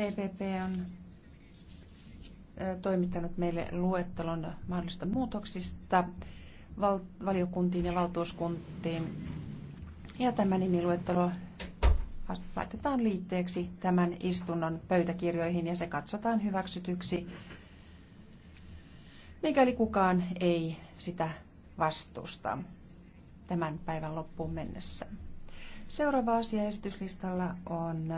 EPP on toimittanut meille luettelon mahdollisista muutoksista val- valiokuntiin ja valtuuskuntiin. Ja tämä nimiluettelo laitetaan liitteeksi tämän istunnon pöytäkirjoihin ja se katsotaan hyväksytyksi, mikäli kukaan ei sitä vastusta tämän päivän loppuun mennessä. Seuraava asia esityslistalla on